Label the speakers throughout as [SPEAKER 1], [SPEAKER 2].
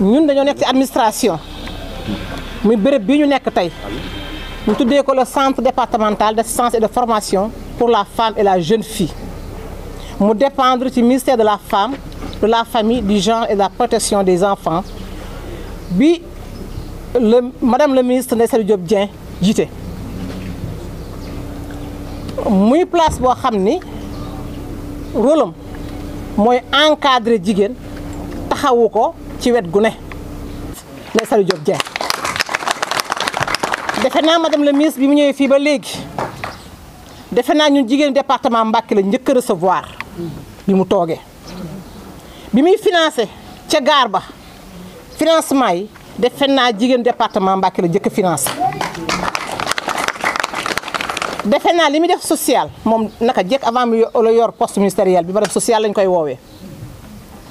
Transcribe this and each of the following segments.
[SPEAKER 1] Nous sommes dans ci administration muy dans bi ñu le centre départemental d'assistance et de formation pour la femme et la jeune fille Nous dépendre du ministère de la femme de la famille du genre et de la protection des enfants bi madame le ministre Ndèye Diop Dieng muy place bo xamni Rôle. moy encadrer jigen taxawuko ci wet gu ne Ndeye Saly Diop Dieng defe naa madame la ministre bi mu ñëwee fii ba léegi defe naa ñu jigéen département Mbacké la njëkk recevoir bi mu toogee bi muy financé ca gaar ba financement yi defe naa jigéen département Mbacké la njëkk finance financé defe naa li muy def social moom naka jekk avant mu yor poste ministériel bi ma def social lañ koy woowee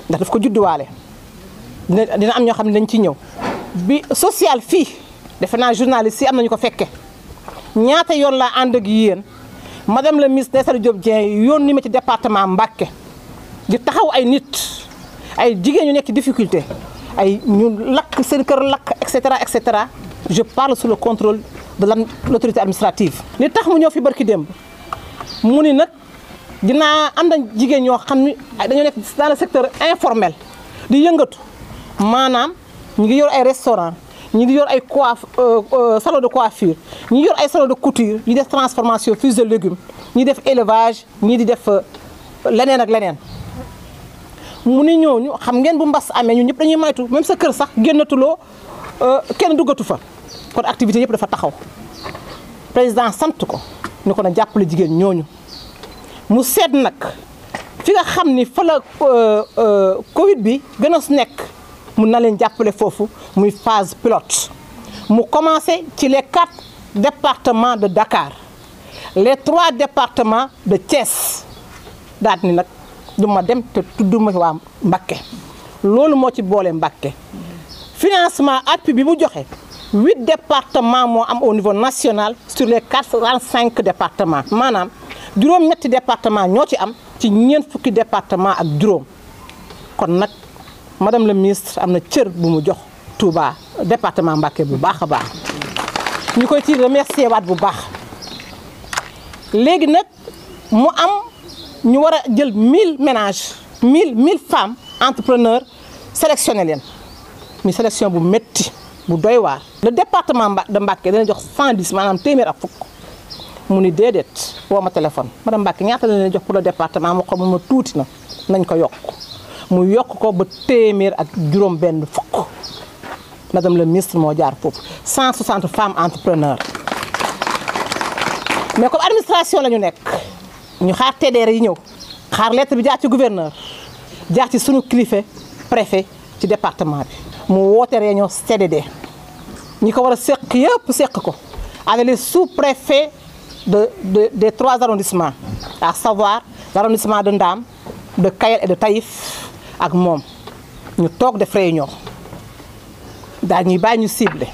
[SPEAKER 1] ndax def ko judduwaale dina am ño xam dañ ci ñëw bi social fi defena journaliste yi am nañu ko fekke ñaata yoon la ànd ak yéen madame le ministre Ndeye job Diop yoon ni ma ci département Mbacké di taxaw ay nit ay jigéen ñu nekk difficulté ay ñu lak seen kër lak et cetera et cetera je parle sous le contrôle de l'autorité administrative. li tax mu ñoo fi barki dem mu ni nak dina am na jigéen ño xamni dañu nekk dans le secteur informel di yëngatu. Manam, ñi avons yor restaurant ñi yor ay euh, euh, salon de coiffure des yor ay salon de couture ñi def transformation de légumes ñi def élevage ñi di def euh, lenen ak lenen mu ni ñooñu xam ngeen bu mbass amé ñu ñep dañuy maytu même sa kër sax euh kenn dugatu fa kon activité yep dafa taxaw président sant ko ni ko na jàppale jigen ñooñu mu seet nak fi nga xamni fa la Covid bi nous avons fofu une phase pilote. Nous commencé dans les 4 départements de Dakar, les 3 départements de Thiès. Nous avons fait tout le monde. C'est ce que nous avons fait. Le financement a été fait. 8 départements au niveau national sur les 45 départements. Maintenant, nous avons fait des départements. Nous avons fait des départements avec Drôme madame la ministre amna na cër bu mu jox Touba département Mbacké bu baax a baax ñu koy ci remercier wat bu baax légui nak mu am ñu wara jël 1000 ménages 1000 femmes entrepreneurs sélectionné len mi sélection bu metti bu doy war le département de Mbacké dana jox 110 manam témer ak fuk mu ni déedéet woo ma téléphone madame Mbacké ñata la jox pour le département mu xamul ma na nañ ko yokku mu yokk ko ba téeméer ak madame le ministre jaar 160 femmes entrepreneurs mais comme administration la ñu nekk ñu xaar réunions, yi ñëw xaar lettre bi gouverneur jaar ci sunu préfet du département bi mu woote réunion CDD Nous ko war a seq yëpp ko avec les sous-préfets de de des trois arrondissements à savoir l'arrondissement de Ndam de Kayel et de Taïf ak moom ñu toog def réunion daal ñuy bàyyi ñu ciblé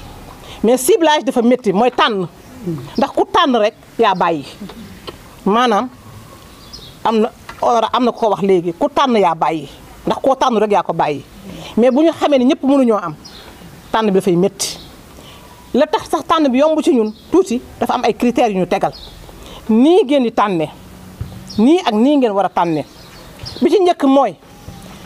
[SPEAKER 1] mais ciblage dafa metti mooy tànn ndax ku tànn rek yaa bàyyi maanaam am na or am na koo wax léegi ku tànn yaa bàyyi ndax koo tànn rek yaa ko bàyyi mais bu ñu xamee ne ñëpp mënuñoo am tànn bi dafay metti la tax sax tànn bi yomb ci ñun tuuti dafa am ay critères yu ñu tegal nii ngeen di tànne nii ak nii ngeen war a tànne bi ci njëkk mooy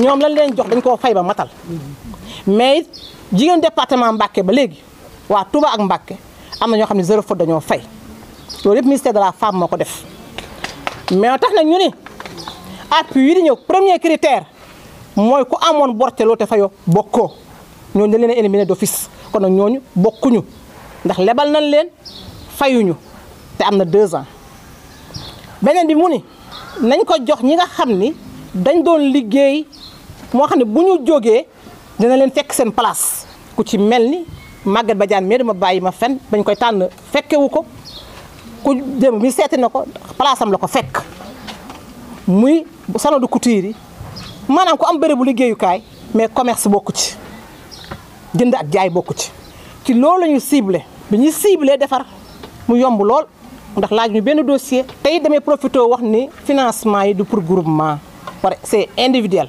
[SPEAKER 1] ñoom lañ leen jox dañ koo fay ba matal mais jigéen département Mbacké ba léegi waa Touba ak Mbacké am na ñoo xam ne zéro faute dañoo fay loolu yëpp ministère de la femme moo ko def mais tax na ñu ni appui yi di ñëw premier critère mooy ku amoon borte loolu te fayoo bokkoo ñooñu dañ leen a éliminé fis kon nag ñooñu bokkuñu ndax lebal nañ leen fayuñu te am na deux ans beneen bi mu ni nañ ko jox ñi nga xam ni dañ doon liggéey moo xam ne bu ñu jógee dina leen fekk seen place ku ci mel ni Maguette Badiane mais ma bàyyi ma fen bañ koy tànn fekkewu ko ku dem mi seeti na ko place am la ko fekk muy salon du couture yi maanaam ku am bérébu liggéeyukaay mais commerce bokku ci jënd ak jaay bokku ci ci loolu la ñu ciblé bi ñuy ciblé defar mu yomb lool ndax laaj ñu benn dossier tey damay profité wax ni financement yi du pour groupement wala c'est individuel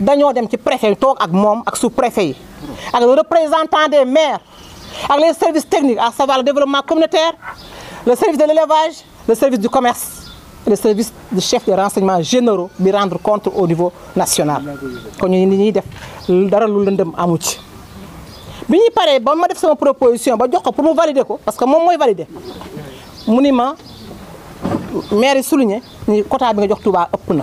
[SPEAKER 1] Nous dem ci préfet des ak sous préfet des ak le représentant des maires ak les services techniques à savoir le développement communautaire le service de l'élevage le service du commerce le service du chef de renseignement généraux bi rendre compte au niveau national Nous ñu des ñuy def dara lu lëndëm amu ci bi ñuy ba proposition ba jox ko pour mu valider parce que moi mooy valider mu ni maire yi souligné ni quota bi nga jox ëpp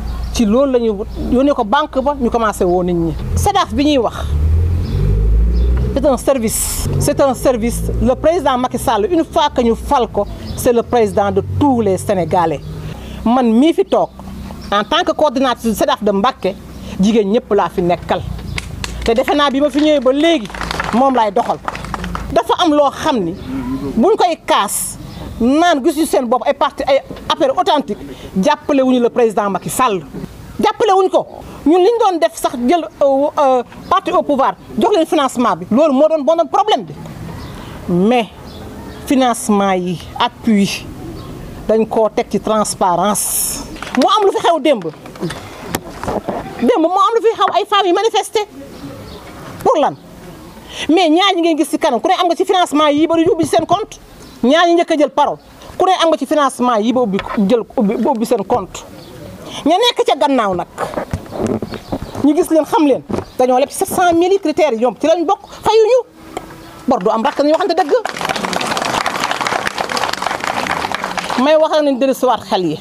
[SPEAKER 1] ci loolu la ñuy yónnee ko banque ba ñu commencé woo nit ñi. SEDAF bi ñuy wax c'est un service. c'est un service le président Macky Sall une fois que ñu fal ko c'est le président de tous les Sénégalais man mii fi toog en tant que coordinateur SEDAF de Mbacké jigéen ñëpp laa fi nekkal te defe naa bi ma fi ñëwee ba léegi moom laay doxal dafa am loo xam ni buñ koy kaas naan gis ñu seen bopp ay parti ay affaire authentique jàppale wuñu le président Macky Sall jàppale wuñ ko ñun liñ doon def sax jël euh, euh, parti au pouvoir jox le financement bi loolu moo doon bon doon problème bi mais financement yi appui dañ koo teg ci transparence moo am lu fi xew démb démb moo am lu fi xew ay femmes manifester pour lan mais ñaar ñi ngeen gis ci kanam ku ne am nga ci financement yi ba ubbi seen compte ñaar ñi njëkk a jël parole ku ne am nga ci financement yi ba ubbi jël ubbi ba ubbi compte ña nekk ca gannaaw nag ñu gis leen xam leen dañoo leb 700 mille critères yi ñoom ci lañ bokk fayuñu bor du am rakk nañu waxante dëgg may waxal nañ dëri suwaat xel yi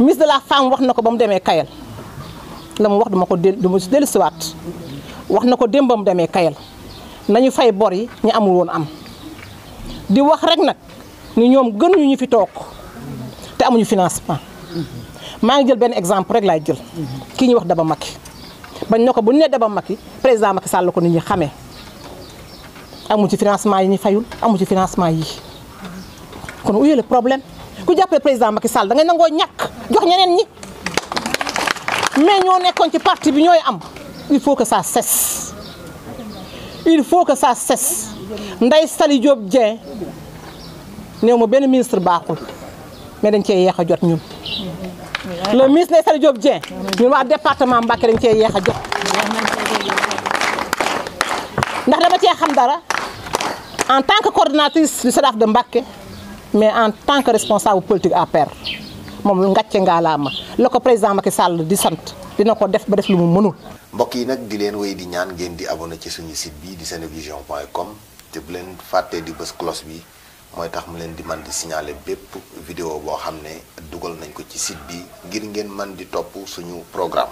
[SPEAKER 1] miss de la femme wax na ko ba mu demee kayal la wax duma ko duma delu siwaat wax na ko démb kayal nañu fay bor yi ñu amul woon am di wax rek nag ni ñoom gën ñu ñu fi toog te amuñu financement maa ngi jël benn exemple rek laay jël kii ñuy wax Daba Macky bañ ne ko bu ñu nee Daba Macky président Macky Sall ko nit ñi xamee amu ci financement yi ñu fayul amu ci financement yi kon où est problème ku jàppale président Macky Sall da ngay nangoo ñàkk jox ñeneen ñi mais ñoo nekkoon ci parti bi ñooy am il faut que ça ses il faut que ça cesse Ndeye Saly Diop Dieng néew ma benn ministre baaxul mais dañ cee yeex a jot ñun. le ministre Ndeye Diop Dien ñu wa département Mbacké dañ cee yéxa jox ndax dama cee xam dara en tant que coordinatrice du SEDAF de Mbacké mais en tant que responsable politique APR moom ngàcce nga la ko président Macky Sall di sante dina ko def ba def lu mu mënul mbokk yi nak di len way di ñaan ngeen di abonné ci suñu site bi di senevision.com point te bu len faté di bëss cloche bi mooy tax mu leen di man di signaler bépp vidéo boo xam ne dugal nañ ko ci site bi ngir ngeen man di topp suñu programme